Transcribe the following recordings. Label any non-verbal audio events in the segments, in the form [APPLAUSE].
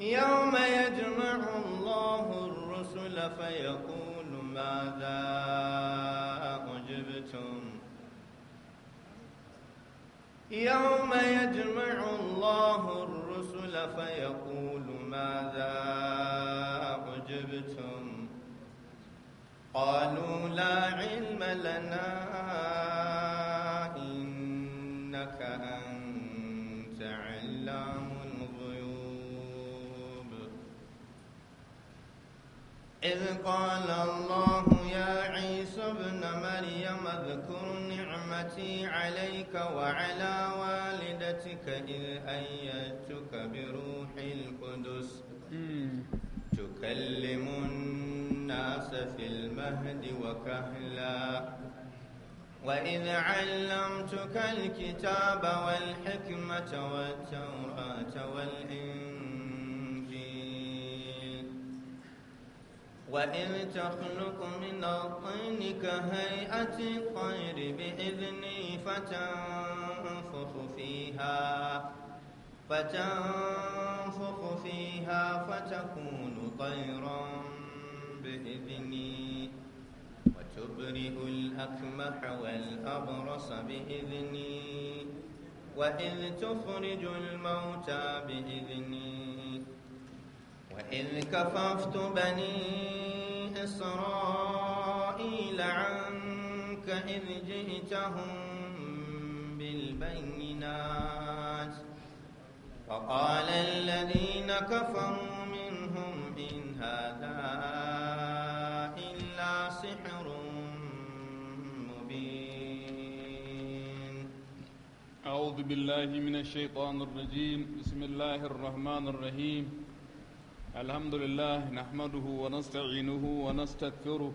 يوم يجمع الله الرسل فيقول ماذا أجبتم يوم يجمع الله الرسل فيقول ماذا أجبتم قالوا لا علم لنا إنك إذ قال الله يا عيسى ابن مريم اذكر نعمتي عليك وعلى والدتك إذ أيدتك بروح القدس تكلم الناس في المهد وكهلا وإذ علمتك الكتاب والحكمة والتوراة والإنجيل وإذ تخلق من الطين كهيئة الطير بإذني فتنفخ فيها فتنفخ فيها فتكون طيرا بإذني وتبرئ الأكمح والأبرص بإذني وإذ تخرج الموتى بإذني وإذ كففت بني إسرائيل عنك إذ جئتهم بالبينات فقال الذين كفروا منهم إن هذا إلا سحر مبين أعوذ بالله من الشيطان الرجيم بسم الله الرحمن الرحيم الحمد لله نحمده ونستعينه ونستغفره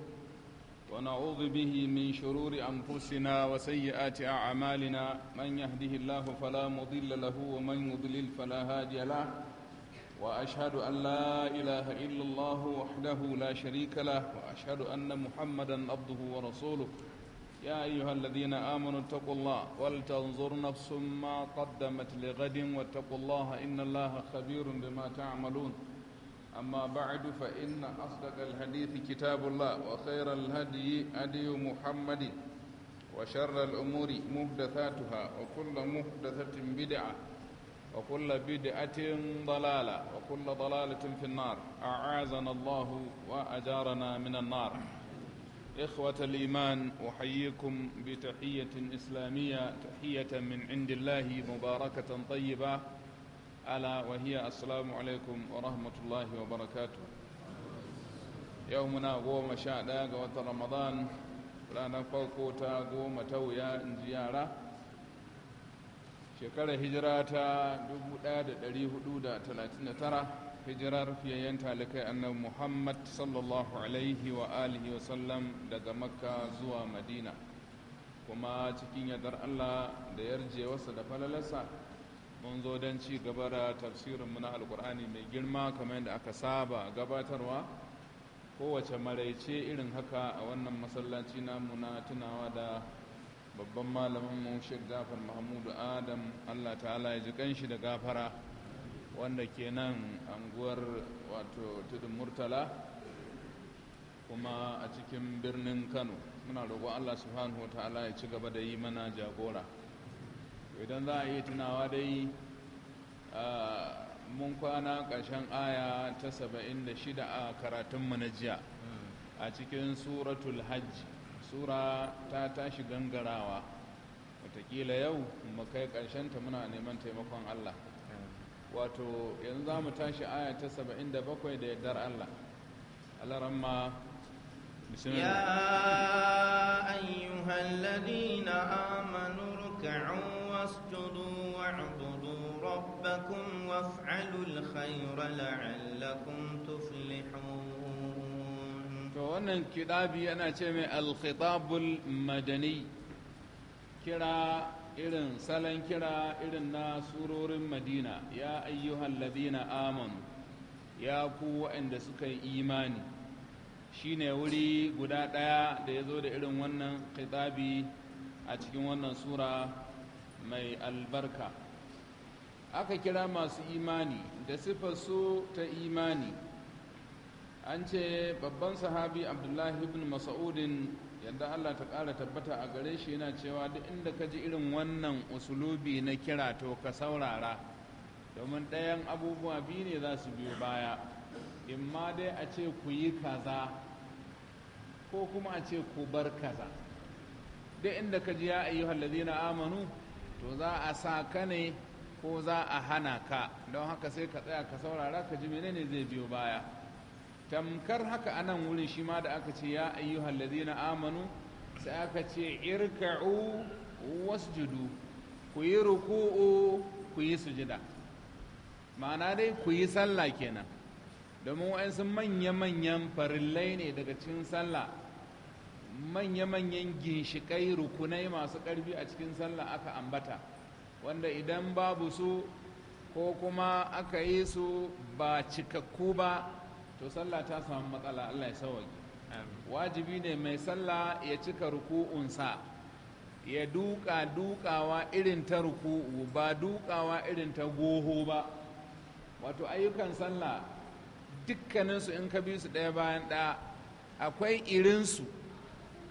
ونعوذ به من شرور أنفسنا وسيئات أعمالنا من يهده الله فلا مضل له ومن يضلل فلا هادي له وأشهد أن لا إله إلا الله وحده لا شريك له وأشهد أن محمدا عبده ورسوله يا أيها الذين آمنوا اتقوا الله ولتنظر نفس ما قدمت لغد واتقوا الله إن الله خبير بما تعملون أما بعد فإن أصدق الحديث كتاب الله وخير الهدي هدي محمد وشر الأمور محدثاتها وكل محدثة بدعة وكل بدعة ضلالة وكل ضلالة في النار أعاذنا الله وأجارنا من النار إخوة الإيمان أحييكم بتحية إسلامية تحية من عند الله مباركة طيبة ala wahiya assalamu alaikum wa rahmatullahi wa barakatu yau muna goma sha ɗaya ga wata ramadan ranar farko ta goma ta wuya in ji yara shekarar hijira ta 1439 hijirar fiyayyen talikai annabi muhammad sallallahu alaihi wa alihi wa sallam daga makka zuwa madina kuma cikin yadar allah da yarjewarsa da falalarsa mun zo don ci gaba da tafsirinmu na alkur'ani mai girma kamar yadda aka saba gabatarwa kowace maraice irin haka a wannan masallaci namu na tunawa da babban malaminmu Sheik gafar mahmudu adam allah ta'ala ya ji kanshi da gafara wanda ke nan anguwar wato tudun murtala kuma a cikin birnin kano muna roƙon allah subhanahu wa ta'ala ya ci gaba da yi mana jagora idan za a yi tunawa dai mun kwana ƙarshen aya ta saba'in a karatunmu na jiya a cikin suratul hajji sura ta tashi gangarawa watakila yau mu kai ta muna neman taimakon allah wato yanzu za mu tashi aya ta saba'in da bakwai yardar allah alaramma يا أيها الذين آمنوا اركعوا واسجدوا واعبدوا ربكم وافعلوا الخير لعلكم تفلحون wannan kitabi yana ce mai alkhitabul madani kira irin salon kira irin na surorin madina ya ayyuhan ladina amanu ya ku waɗanda suka yi imani shine wuri guda ɗaya da ya zo da irin wannan khitabi a cikin wannan sura mai albarka aka kira masu imani da su ta imani an ce babban sahabi abdullahi ibn mas'udin yadda allah ta ƙara tabbata a gare shi yana cewa duk inda ka ji irin wannan usulubi na kira to ka saurara domin ɗayan abubuwa biyu ne za su biyo baya imma dai a ce ku yi kaza ko kuma a ce ku bar kaza duk inda ka ji ya ayyuhal na amanu to za a sa ka ne ko za a hana ka don haka sai ka tsaya ka saurara ka ji menene zai biyo baya tamkar haka anan wurin shi ma da aka ce ya ayyuhal na amanu sai aka ce irka'u wasjudu ku yi ruku'u ku yi sujida ma'ana dai ku yi sallah kenan domin sun manya-manyan farillai ne daga cikin sallah manya-manyan ginshikai rukunai masu ƙarfi a cikin sallah aka ambata wanda idan babu su ko kuma aka yi su ba cikakku ba to sallah ta samu matsala allah ya sawaki wajibi ne mai sallah ya cika ruku'unsa ya duka dukawa irin ta ruku'u ba dukawa irin ta goho ba wato ayyukan sallah dukkaninsu in ka bi su ɗaya bayan ɗaya akwai irinsu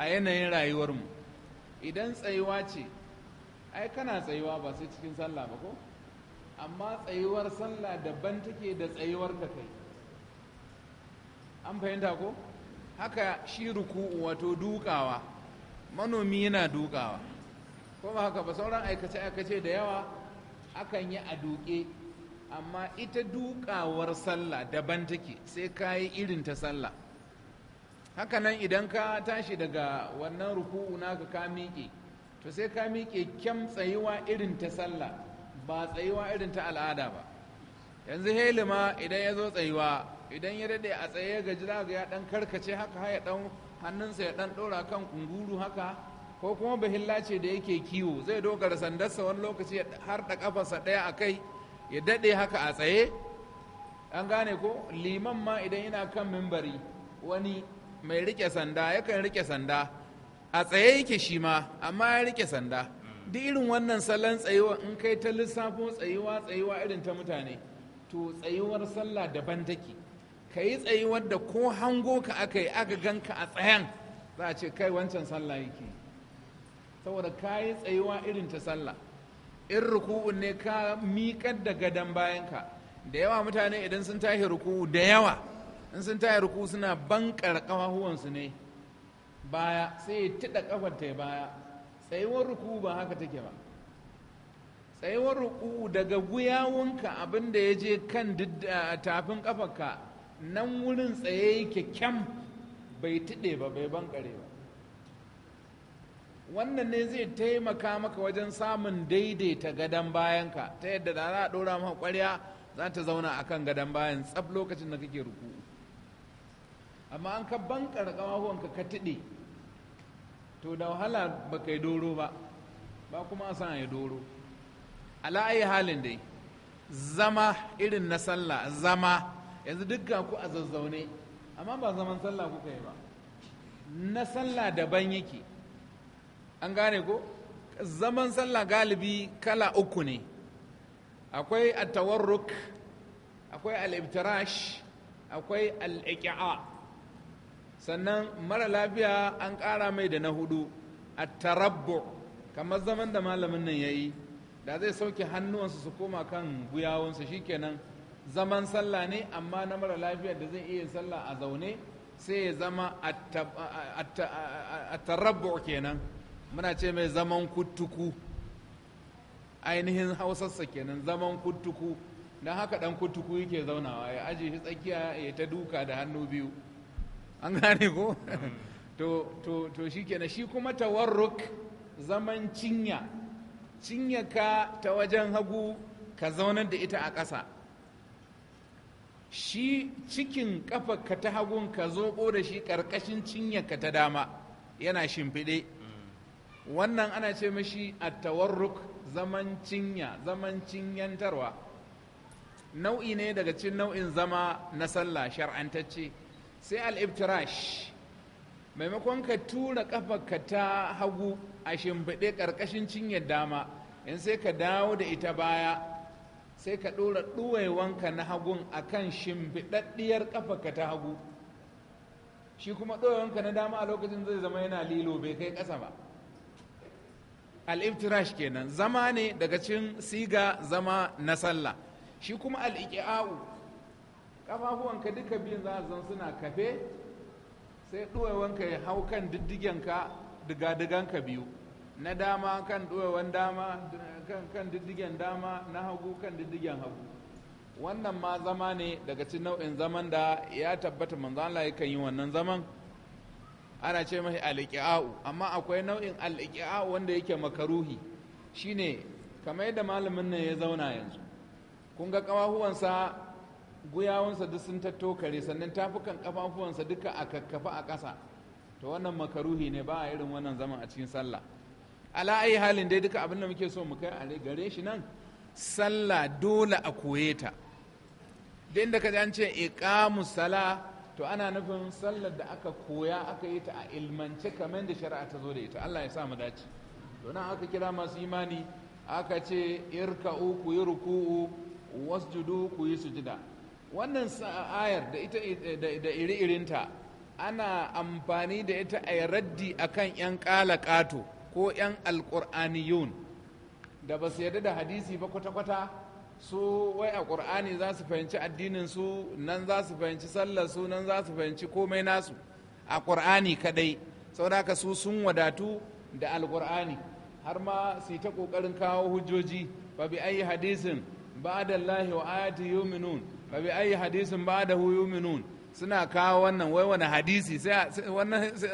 a yanayin rayuwarmu idan tsayuwa ce ai kana tsayuwa ba sai cikin sallah ba ko amma tsayuwar sallah daban take da tsayuwar da kai an fahimta ko haka shi ruku'u wato dukawa manomi yana dukawa kuma haka ba sauran aikace-aikace da yawa akan yi a duke amma ita dukawar sallah daban take sai ka yi irin ta sallah hakanan idan ka tashi daga wannan ruku'u naka ka miƙe to sai ka miƙe kyam tsayuwa irin ta sallah ba tsayuwa irin ta al'ada ba yanzu helima idan ya zo tsayuwa idan ya daɗe a tsaye ga jira ga ya ɗan karkace haka ya ɗan hannunsa ya ɗan ɗora kan kunguru haka ko kuma bahilla ce da yake kiwo zai dogara sandarsa wani lokaci har da kafarsa ɗaya a kai ya daɗe haka a tsaye an gane ko liman ma idan yana kan mimbari wani mai rike sanda yakan rike sanda a tsaye yake shi ma amma ya rike sanda duk irin wannan salon tsayuwa in kai ta lissafo tsayuwa tsayuwa irin ta mutane to tsayuwar sallah daban take ka yi tsayuwar da ko hango ka aka yi aka gan ka a tsayan za a ce kai wancan sallah yake saboda ka yi tsayuwa irin ta sallah in ruku'un ne ka miƙar da gadon bayanka da yawa mutane idan sun tashi ruku'u da yawa in sun taya ruku suna bankar ƙafafuwansu ne baya sai ya tiɗa ƙafar ta baya tsayuwar ruku ba haka take ba tsayuwar ruku daga guyawunka abinda ya je kan tafin ƙafarka nan wurin tsaye kyakkyam bai tiɗe ba bai bankare ba wannan ne zai taimaka maka wajen samun daidaita gadon bayanka ta yadda da za a ɗora maka ƙwarya za ta zauna kan gadon bayan tsab lokacin da kake ruku amma an ka da ƙawahuwanka ka tiɗe to da wahala ba ka yi doro ba ba kuma a san ya doro ala'ayi halin dai zama irin na sallah zama yanzu dukkan ku a zazzaune amma ba zaman sallah kuka yi ba na sallah daban yake an gane ko zaman sallah galibi kala uku ne akwai atawarruk akwai al'ibtirash akwai al'iƙi'a sannan mara lafiya an ƙara mai da na hudu a tarabbu kamar zaman da malamin nan ya yi da zai sauke hannuwansu su koma kan guyawunsa kenan zaman sallah ne amma na mara lafiya da zai iya sallah a zaune sai ya zama a tarabbu kenan muna ce mai zaman kuttuku ainihin hausarsa kenan zaman kuttuku don haka dan kuttuku yake zaunawa ya ajiye shi tsakiya ya ta duka da hannu biyu an gane ko to to shi kenan shi kuma tawarruk zaman cinya cinya ka ta wajen hagu ka zaunar da ita a ƙasa shi cikin ƙafa ka ta hagun ka zoɓo da shi ƙarƙashin cinya ka ta dama yana shimfiɗe wannan ana ce mashi a tawarruk zaman cinya zaman cinyantarwa nau'i ne daga cin nau'in zama na sallah shar'antacce sai al'ibtirash maimakon ka tura ka ta hagu a shimfiɗe ƙarƙashin cinyar dama in sai ka dawo da ita baya sai ka ɗora ɗuwaiwanka na hagun a kan shimfiɗaɗɗiyar ka ta hagu shi kuma ɗuwaiwanka na dama a lokacin zai zama yana lilo bai kai ƙasa ba al'ibtirash kenan zama ne daga cin siga zama na sallah shi kuma al'iƙi'a'u kafafuwanka duka biyun za zan suna kafe sai ɗuwawanka ya hau kan diddigenka diga-diganka biyu na dama kan ɗuwawan dama kan diddigen dama na hagu kan diddigen hagu wannan ma zama ne daga cikin nau'in zaman da ya tabbata manzo Allah yakan yi wannan zaman ana ce mai alƙi'a'u amma akwai nau'in alƙi'a'u wanda yake makaruhi shine kamar yadda malamin nan ya zauna yanzu kun ga kawahuwansa guyawansa duk sun kare sannan tafukan kafafuwansa duka a kakkafa a ƙasa to wannan makaruhi ne ba a irin wannan zaman a cikin sallah ala ai halin dai duka abin da muke so mu kai a gare shi nan sallah dole a koye ta da inda ka ji an ce iqamu sala to ana nufin sallar da aka koya aka yi ta a ilmance kamar da shari'a ta zo da ita Allah ya sa mu dace to nan aka kira masu imani aka ce irka'u ku yi ruku'u wasjudu ku yi sujida wannan ayar da ita da iri-irinta ana amfani da ita a raddi kan 'yan ƙato ko 'yan alƙur'aniyun da ba su yarda da hadisi ba kwata-kwata su wai a ƙur'ani za su fahimci addinin su nan za su fahimci sallar su nan za su fahimci komai nasu a ƙur'ani kadai saboda su sun wadatu da alƙur'ani har ma su yi ta ƙoƙarin kawo hujjoji ba bi ayi hadisin lahi wa ayati yuminun fa ayi hadisin huyu minun suna kawo wannan wai wani hadisi sai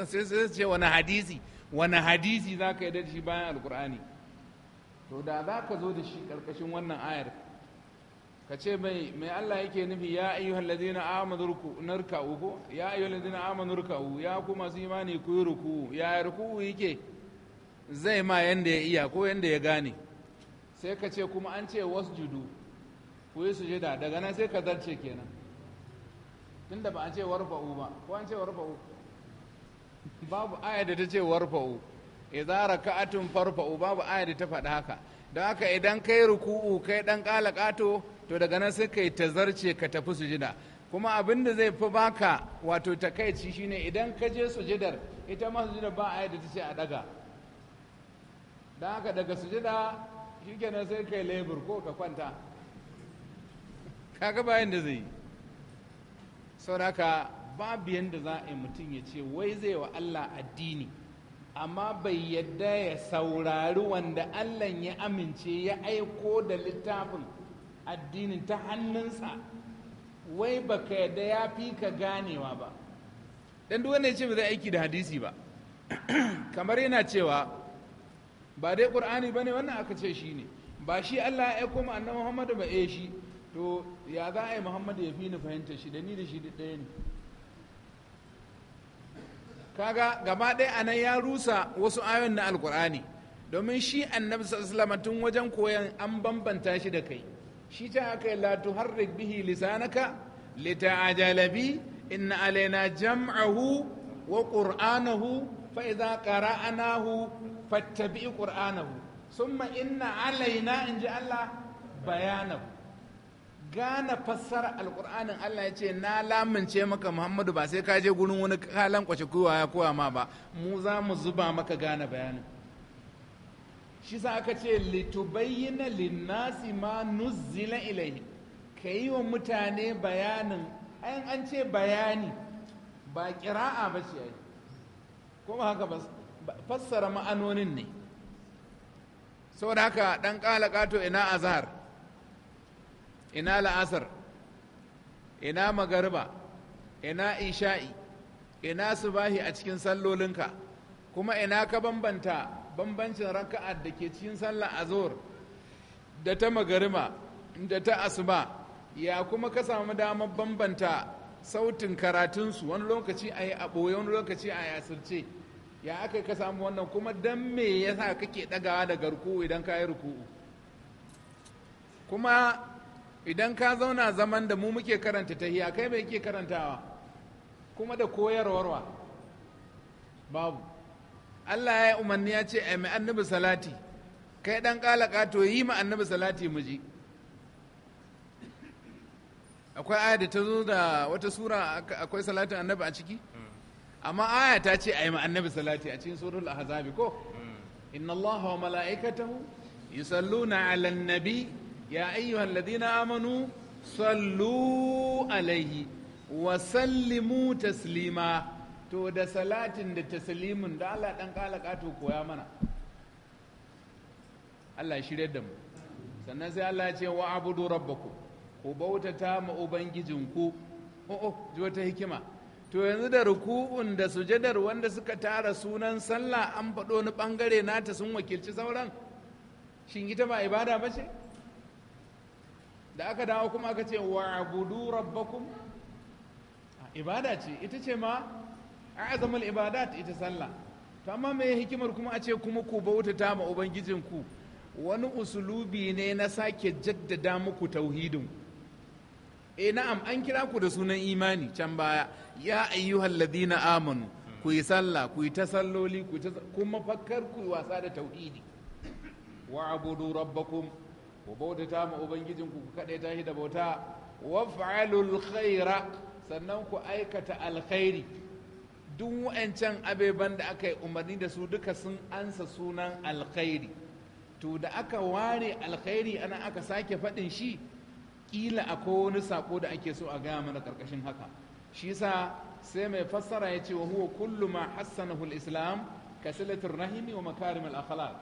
sai ce wani hadisi wani hadisi za ka yi da shi bayan alkur'ani to da za ka zo da shi karkashin wannan ayar ka ce mai mai Allah yake nufi ya ayyuhal ladina amanu narka'u ko ya kuma su yi ruka'u ya ku imani ku yi ruku ya ruku yake zai ma yanda ya iya ko yanda ya gane sai ka ce kuma an ce wasjudu ku yi sujada daga nan sai ka zarce kenan tunda ba a ce warfa'u ba ko an ce warfa'u babu aya da ta ce warfa'u idza raka'atun farfa'u babu aya da ta faɗa haka don haka idan kai ruku'u kai dan ƙala ƙato to daga nan sai kai ta zarce ka tafi sujada kuma abin da zai fi baka wato takaici shine idan ka je sujadar, ita ma sujada ba a da ta ce a daga don haka daga sujada, shikenan sai kai lebur ko ka kwanta kaga bayan da zai yi sauraka babu yadda za a yi mutum ya ce wai zai wa Allah addini amma bai yadda ya saurari wanda Allah ya amince ya aiko da littafin addinin ta hannunsa wai baka yadda ya fi ka ganewa ba dan duk wanda ya ce ba zai aiki da hadisi ba [CLEARS THROAT] kamar yana cewa ba dai ƙur'ani ba ne wannan aka ce shi ne ba shi Allah ya aiko mu annabi Muhammadu ba eh shi to ya za a yi muhammadu ya fi ni fahimta shi da ni da shi ɗaya ne kaga gaba ɗaya a nan ya rusa wasu ayon na alkur'ani domin shi annabi sallallahu tun wajen koyan an bambanta shi da kai shi ta aka yi la tuharrik bihi lisanaka lita'ajalabi inna alaina jam'ahu wa qur'anahu fa idza qara'nahu fattabi qur'anahu summa inna alaina inji Allah bayanahu gane fassara alkur'anin Allah ya ce na lamince maka Muhammadu ba sai ka je gurin wani kalan kwace kuwa ya kowa ma ba mu za mu zuba maka gane bayanin shi sa aka ce litubayyana linnasi ma nuzzila ilaihi ka yi wa mutane bayanin ayan an ce bayani ba kira'a ba ce kuma haka ba fassara ma'anonin ne saboda haka dan kala kato ina azhar ina la'asar ina magariba ina isha'i ina subahi a cikin sallolinka kuma ina ka bambanta bambancin raka'a da ke cikin sallar azur da ta magariba da ta asuba ya kuma ka samu damar bambanta sautin karatunsu wani lokaci a yi a ɓoye wani lokaci a yasirce ya aka ka samu wannan kuma don me ya yasa kake ɗagawa da garku idan ka yi ruku'u kuma idan ka zauna zaman da mu muke karanta tahiya kai mai ke karantawa kuma da koyarwarwa babu Allah ya yi umarni ya ce ai annabi salati kai dan kalaka to yi ma annabi salati mu akwai aya da ta zo da wata sura akwai salatin annabi a ciki amma aya ta ce ai ma annabi salati a cikin surul ahzabi ko hmm. inna allaha wa mala'ikatahu yusalluna 'alan nabi ya ayyuhal ladina amanu sallu alaihi wa sallimu taslima to da salatin da taslimin da Allah dan kala kato koya mana Allah shirye da mu sannan sai Allah ce wa abudu rabbakum ku bautata ma ubangijinku o'o oh, oh, ji ta hikima to yanzu da ruku'un da sujadar wanda suka tara sunan sallah an faɗo ni bangare nata sun wakilci sauran shin ita ba ibada ba ce da aka dawo kuma aka ce wa abudu rabbakum ibada ce ita ce ma a'zamul ibadat ita sallah to amma mai hikimar kuma a ce kuma ku bautata ma ubangijinku wani usulubi ne na sake jaddada muku tauhidin E, na'am an kira ku da sunan imani can baya ya ayyuhal ladina amanu ku yi sallah ku yi tasalloli ku kuma fakkar ku yi wasa da tauhidi wa abudu rabbakum ku bautata ma ubangijinku ku kaɗai shi da bauta waf'alul khaira sannan ku aikata alkhairi duk wa'ancan abeban da aka yi umarni da su duka sun ansa sunan alkhairi to da aka ware alkhairi ana aka sake faɗin shi ƙila akwai wani sako da ake so a gaya mana ƙarƙashin haka shi yasa sai mai fassara ya ce wa huwa kullu ma islam ka rahimi wa makarimul al-akhlaq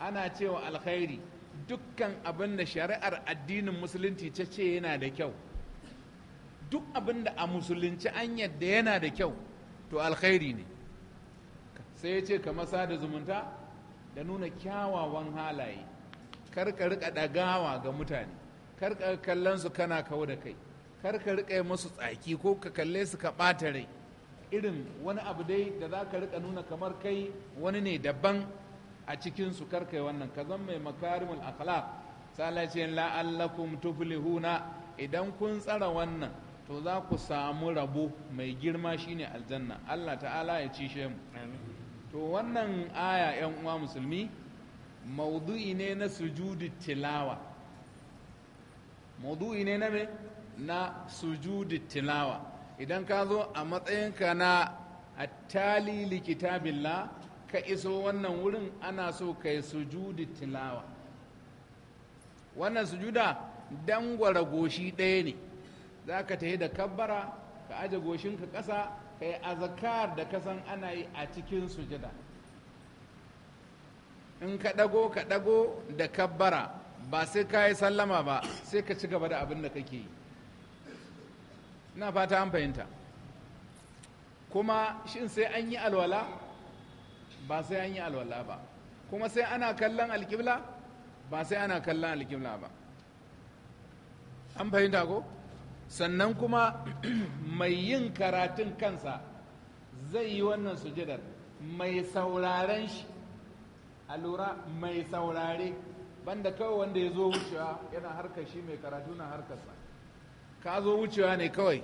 ana cewa alkhairi dukkan abin da shari'ar addinin musulunci ta ce yana da kyau duk abin da a musulunci an yadda yana da kyau to alkhairi ne sai ya ce kamar sada zumunta da nuna kyawawan halaye karka rika ɗagawa ga mutane karka kallon su kana kawo da kai karka rika yi musu tsaki ko ka kalle su ka ɓata rai irin wani abu dai da za ka rika nuna kamar kai wani ne daban a cikin su yi wannan ka zan mai makarimul akhlaq sai ce la'allakum tuflihuna idan kun tsara wannan to za ku samu rabo mai girma shine aljanna Allah ta'ala ya ci shemu to wannan aya yan uwa musulmi maudu'i ne na sujudi tilawa maudu'i ne na me na sujudi tilawa idan ka zo a matsayinka na attali likitabillah ka iso wannan wurin ana so ka yi sujudi tilawa wannan sujuda dangwara goshi ɗaya ne za ka tafi da kabbara ka aje ka ƙasa ka yi azakar da kasan ana yi a cikin sujada in ka ɗago ka ɗago da kabbara ba sai ka yi sallama ba sai ka ci gaba da abin da kake yi na fata an fahimta kuma shin sai an yi alwala ba sai an yi alwala ba kuma sai ana kallon alkibla ba sai ana kallon alkibla ba an fahimta ko sannan kuma [CLEARS THROAT] mai yin karatun kansa zai yi wannan sujidar mai sauraren shi a lura mai saurare banda kawai wanda ya zo wucewa yana harkar shi mai karatu na harkarsa ka zo wucewa ne kawai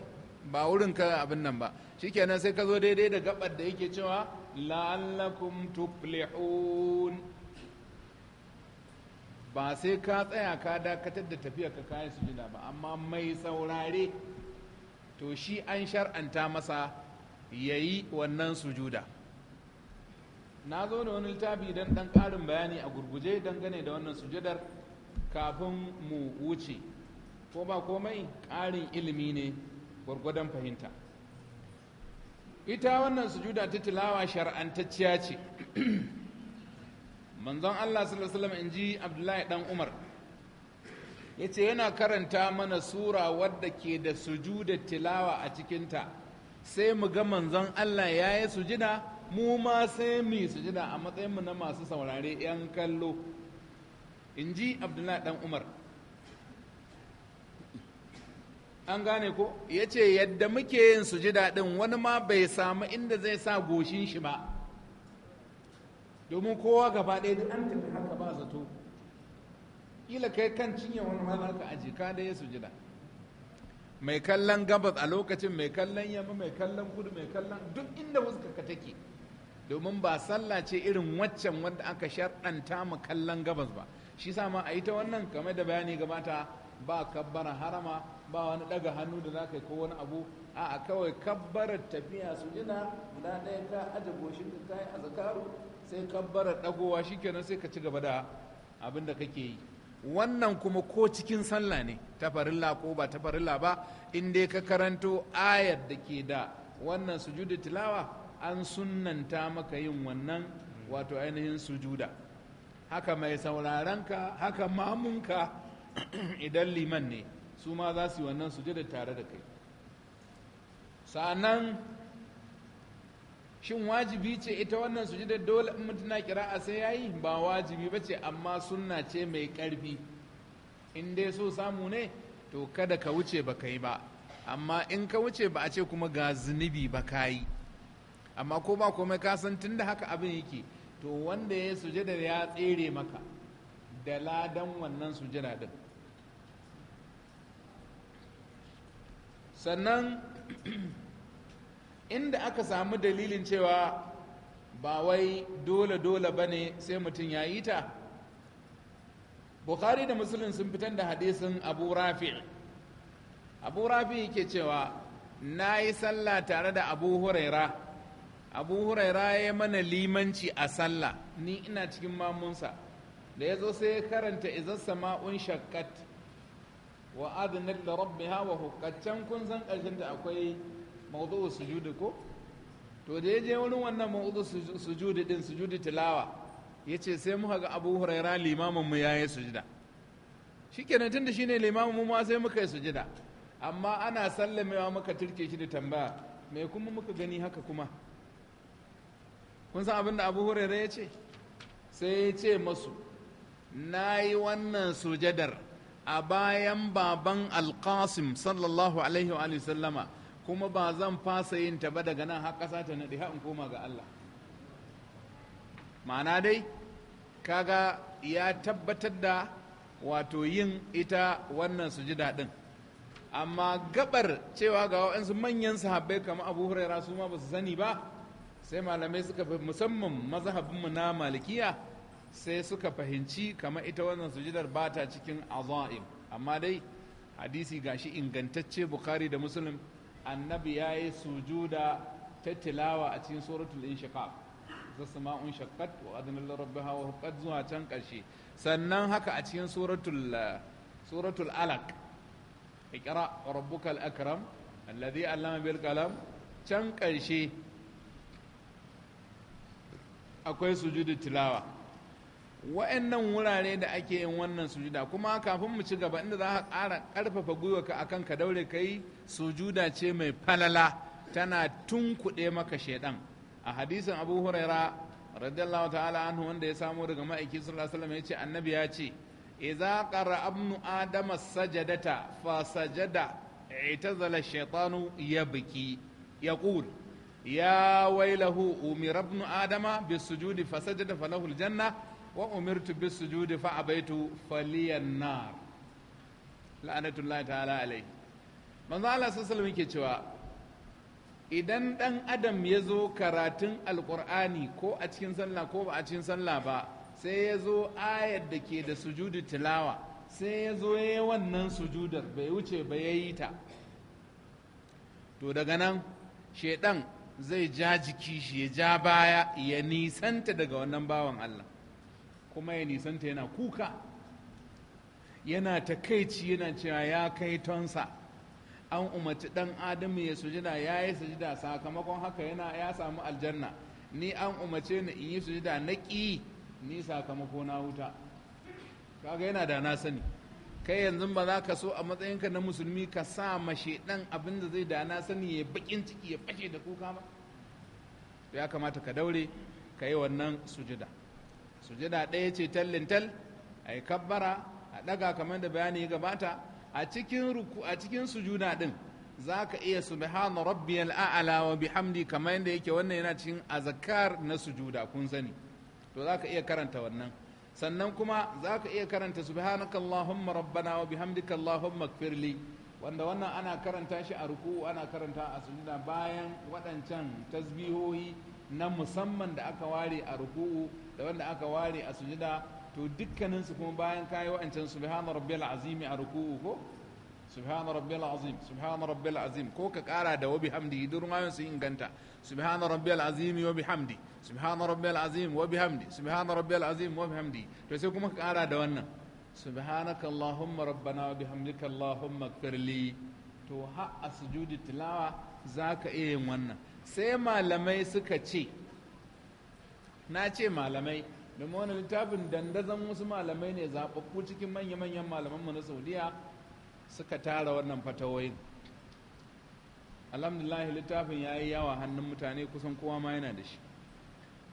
ba wurin ka abin nan ba shikenan sai ka zo daidai da gabar da yake cewa la'allakum tuflihun ba sai ka tsaya ka dakatar da tafiya ka kayan sujada ba amma mai saurare to shi an shar'anta masa ya yi wannan sujuda na zo da wani littafi don ɗan ƙarin bayani a gurguje dangane da wannan sujadar kafin mu wuce ko ba komai ƙarin ilimi ne gwargwadon fahimta ita wannan sujuda ta tilawa shar'antacciya ce manzon Allah sallallahu alaihi wasallam inji Abdullahi dan Umar yace yana karanta mana sura wadda ke da sujuda tilawa a cikinta sai mu ga manzon Allah yayi sujuda mu ma sai mu sujuda a matsayin mu na masu saurare yan kallo inji Abdullahi dan Umar an gane ko ya ce yadda muke yin sujida daɗin wani ma bai samu inda zai sa goshin shi ba domin kowa gaba ɗaya da an tafi haka ba zato ƙila kai kan cinye wani ma za ka aji ka da ya sujida mai kallon gabas a lokacin mai kallon yamma mai kallon kudu mai kallon duk inda wuska ka take domin ba sallah ce irin waccan wanda aka sharɗanta mu kallon gabas ba shi sa ma a yi ta wannan game da bayani gabata ba kabbara harama ba wani daga hannu da za ka yi ko wani abu a kawai kabbarar tafiya su jina guda ɗaya ka aje da ka yi azkaru sai kabbarar dagowa shikenan sai ka ci gaba da abin da kake yi wannan kuma ko cikin sallah ne ta farilla ko ba ta farilla ba in dai ka karanto ayar da ke da wannan sujudu tilawa an sunnanta maka yin wannan wato ainihin sujuda haka mai saurarenka haka mamunka [COUGHS] idan liman ne su ma za su yi wannan sujada tare da kai sa'annan shin wajibi ce ita wannan sujada dole in mutuna kira'a sai yayi ba wajibi ba ce amma sunna ce mai karfi in dai so samu ne to kada ka wuce ba kai ba amma in ka wuce ba a ce kuma ga zunubi ba ka yi amma ko ba komai ka san tunda haka abin yake to wanda ya sujada ya tsere maka da ladan wannan sujada din sannan [CLEARS THROAT] inda aka samu dalilin cewa ba wai dole-dole ba ne sai mutum ya yi ta bukhari da musulun sun fitar da hadisin abu rafi abu rafi ke cewa na yi sallah tare da abu huraira abu huraira ya mana limanci a sallah ni ina cikin mamunsa da ya zo sai ya karanta izar sama'un shakkat wa adnat da rabbiha wa hukaccen kun san karshen da akwai mawdu'u sujudi ko to da yaje wurin wannan mawdu'u sujudi din sujudi tilawa yace sai muka ga Abu Huraira limamin mu yayi sujuda shikenan tunda shine limamin mu ma sai muka yi sujuda amma ana sallamewa muka turke shi da tambaya me kuma muka gani haka kuma kun san abin da Abu Huraira ya ce sai ya ce masu na yi wannan sujadar a bayan baban alkasim sallallahu alaihi wa sallama kuma ba zan fasa yin ta ba daga nan har ƙasa ta naɗe in koma ga Allah ma'ana dai kaga ya tabbatar da wato yin ita wannan su ji daɗin amma gabar cewa ga waɗansu manyan sahabbai kamar abu huraira su ma ba su sani ba sai malamai suka fi musamman mazhabinmu na malikiya sai suka fahimci kamar ita wannan sujidar ba ta cikin azaim amma dai hadisi gashi ingantacce bukari da muslim annabi ya yi sujuda ta tilawa a cikin suratul inshiqaq zasma'un shaqqat wa adnal rabbaha wa huqqat zuwa can karshe sannan haka a cikin suratul eh, suratul alaq iqra rabbukal akram alladhi allama bil qalam can karshe akwai sujudu tilawa wa'annan wurare da ake yin wannan sujuda kuma kafin mu ci gaba inda za ka ƙara ƙarfafa ka akan ka daure kai yi sujuda ce mai falala tana tunkuɗe maka shaiɗan a hadisin abu huraira radiyallahu ta'ala anhu wanda ya samo daga ma'aiki sallallahu alaihi ya ce annabi ya ce idza qara ibnu adama sajadata fa sajada itazala shaytanu yabki yaqul ya waylahu umira ibnu adama bisujudi fasajada falahu aljanna wa umirtu bis sujudi fa abaitu faliyan nar la'anatullahi ta'ala alaihi manzo Allah sallallahu alaihi cewa idan dan adam ya zo karatun alqur'ani ko a cikin sallah ko ba a cikin sallah ba sai ya zo ayar da ke da sujudi tilawa sai ya zo ya yi wannan sujudar bai wuce ba ya yi ta to daga nan shaidan zai ja jiki shi ya ja baya ya nisanta daga wannan bawan Allah kuma ya nisanta yana kuka yana takaici yana cewa ya kai tonsa an umarci dan adamu ya sujida ya yi sujida sakamakon haka yana ya samu aljanna ni an umarce ni in yi sujida na ƙi ni sakamako na wuta kaga yana da na sani kai yanzu ba za ka so a matsayinka na musulmi ka sa mashe dan abin da zai da na sani ya bakin ciki ya fashe da kuka ba ya kamata ka daure ka yi wannan sujida sujada ɗaya ce tallintal a yi kabbara a ɗaga kamar da bayani ya gabata a cikin ruku a cikin sujuda ɗin za ka iya subhana rabbiyal a'ala wa bihamdi kamar yadda yake wannan yana cikin azakar na sujuda kun sani to za ka iya karanta wannan sannan kuma za ka iya karanta subhanaka allahumma rabbana wa bihamdika allahumma kfirli wanda wannan ana karanta shi a ruku ana karanta a sujuda bayan waɗancan tasbihohi na musamman da aka ware a ruku'u da wanda aka ware a sujada to dukkanin su kuma bayan kayi wa'ancan subhana rabbiyal azimi a ruku'u ko subhana rabbiyal azim subhana rabbiyal azim ko ka kara da wabi hamdi durun ayon su inganta subhana rabbiyal azim wa bihamdi subhana rabbiyal azim wa bihamdi subhana rabbiyal azim wa bihamdi to sai kuma ka kara da wannan subhanaka allahumma rabbana wa bihamdika allahumma ighfirli to ha a sujudi tilawa zaka iya yin wannan sai malamai suka ce na ce malamai domin wani littafin dandazon wasu malamai ne zaɓaɓɓu cikin manya-manyan malamanmu na saudiya suka tara wannan fatawoyin alhamdulahi littafin ya yi yawa hannun mutane kusan kowa ma yana da shi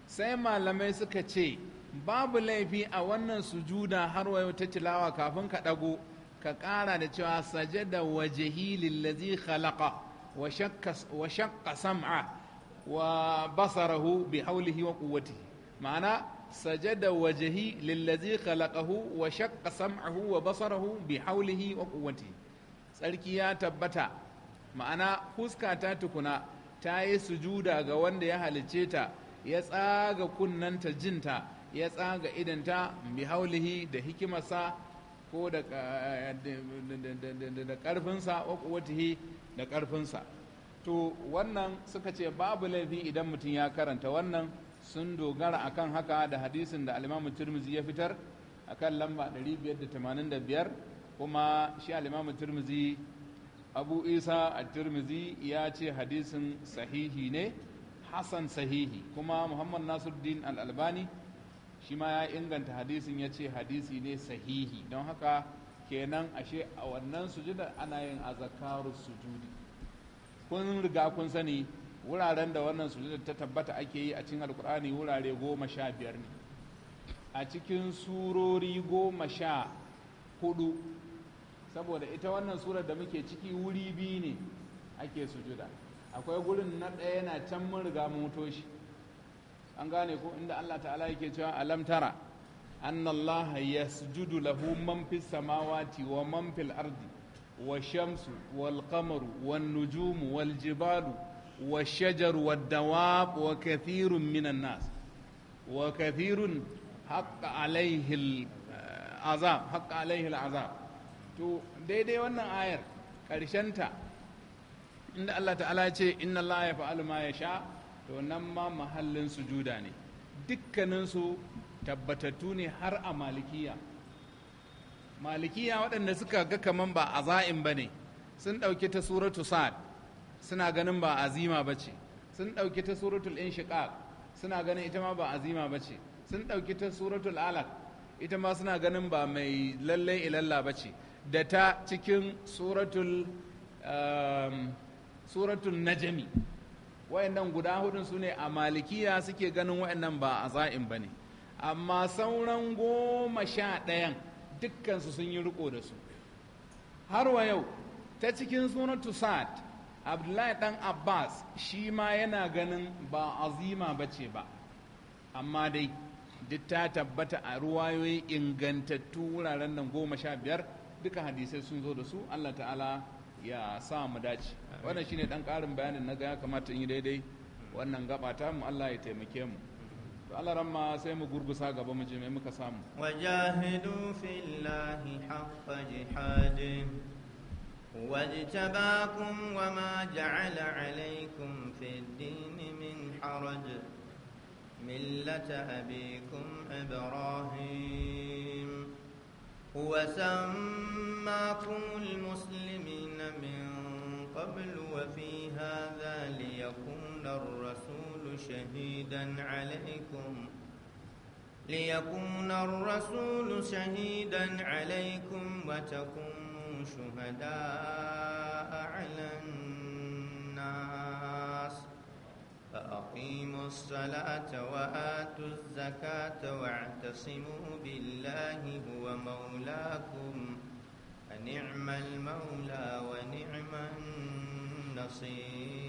sai malamai suka ce babu laifi a wannan sujuda har wayo ta tilawa kafin ka ɗago ka ƙara da cewa sajada wajahi lazi khalaqa wa shakka sam'a wa basarahu bi haulihi wa quwwatihi ma'ana sajada wajhi lillazi khalaqahu wa shaqqa sam'ahu wa basarahu bi haulihi wa tsarki ya tabbata ma'ana fuska ta tukuna ta yi sujuda ga wanda ya halicce ta ya tsaga jinta ya tsaga ta bi haulihi da hikimarsa ko da ƙarfinsa da ƙarfinsa to wannan suka ce babu laifi idan mutum ya karanta wannan sun dogara akan haka da hadisin da alimamu turmuzi ya fitar akan lamba 585 kuma shi alimamu turmuzi abu isa a turmuzi ya ce hadisin sahihi ne hassan sahihi kuma muhammad nasiruddin al'albani shi ma ya inganta hadisin ya ce hadisi ne sahihi don haka kenan ashe a wannan sujudar ana yin azakaru sujudi kun riga kun sani wuraren da wannan sujada ta tabbata ake yi a cikin alkur'ani wurare goma sha biyar ne a cikin surori goma sha hudu saboda ita wannan surar da muke ciki wuri biyu ne ake sujuda akwai gurin na ɗaya yana can mun riga mun shi an gane ko inda Allah ta'ala yake cewa alam tara anna Allah yasjudu lahu man fis samawati wa man fil ardi والشمس والقمر والنجوم والجبال والشجر والدواب وكثير من الناس وكثير حق عليه العذاب حق عليه العذاب to daidai wannan ayar ta inda Allah ta'ala ce inna Allah ya fa'alu ma ya sha to nan ma mahallin sujuda ne dukkaninsu tabbatattu ne har a malikiya malikiya waɗanda suka ga kaman ba aza'in ba ne sun ɗauki ta suratu sa'ad suna ganin ba azima ba ce sun ɗauki ta suratul inshiqaq suna ganin ita ma ba azima ba ce sun ɗauki ta suratul alaq ita ma suna ganin ba mai lallai ilalla ba ce da ta cikin suratul um, suratul najami wayannan guda hudun su ne a malikiya suke ganin wayannan ba a za'in ba ne amma sauran goma sha ɗayan dukkansu sun yi riko da su har wa yau ta cikin suratu sa'ad abdullahi dan abbas shi ma yana ganin ba azima ba ce ba amma dai duk ta tabbata a ruwayoyi ingantattu wuraren nan goma sha biyar duka hadisai sun zo da su allah ta'ala ya sa mu dace wannan shine dan karin bayanin na ga ya kamata in yi daidai wannan gabata mu allah ya taimake mu to Allah ramma sai mu gurgusa gaba mu je mai muka samu wajahidu fillahi واجتباكم وما جعل عليكم في الدين من حرج ملة أبيكم إبراهيم هو سماكم المسلمين من قبل وفي هذا ليكون الرسول شهيدا عليكم ليكون الرسول شهيدا عليكم وتكونوا شهداء على الناس فأقيموا الصلاة وآتوا الزكاة واعتصموا بالله هو مولاكم فنعم المولى ونعم النصير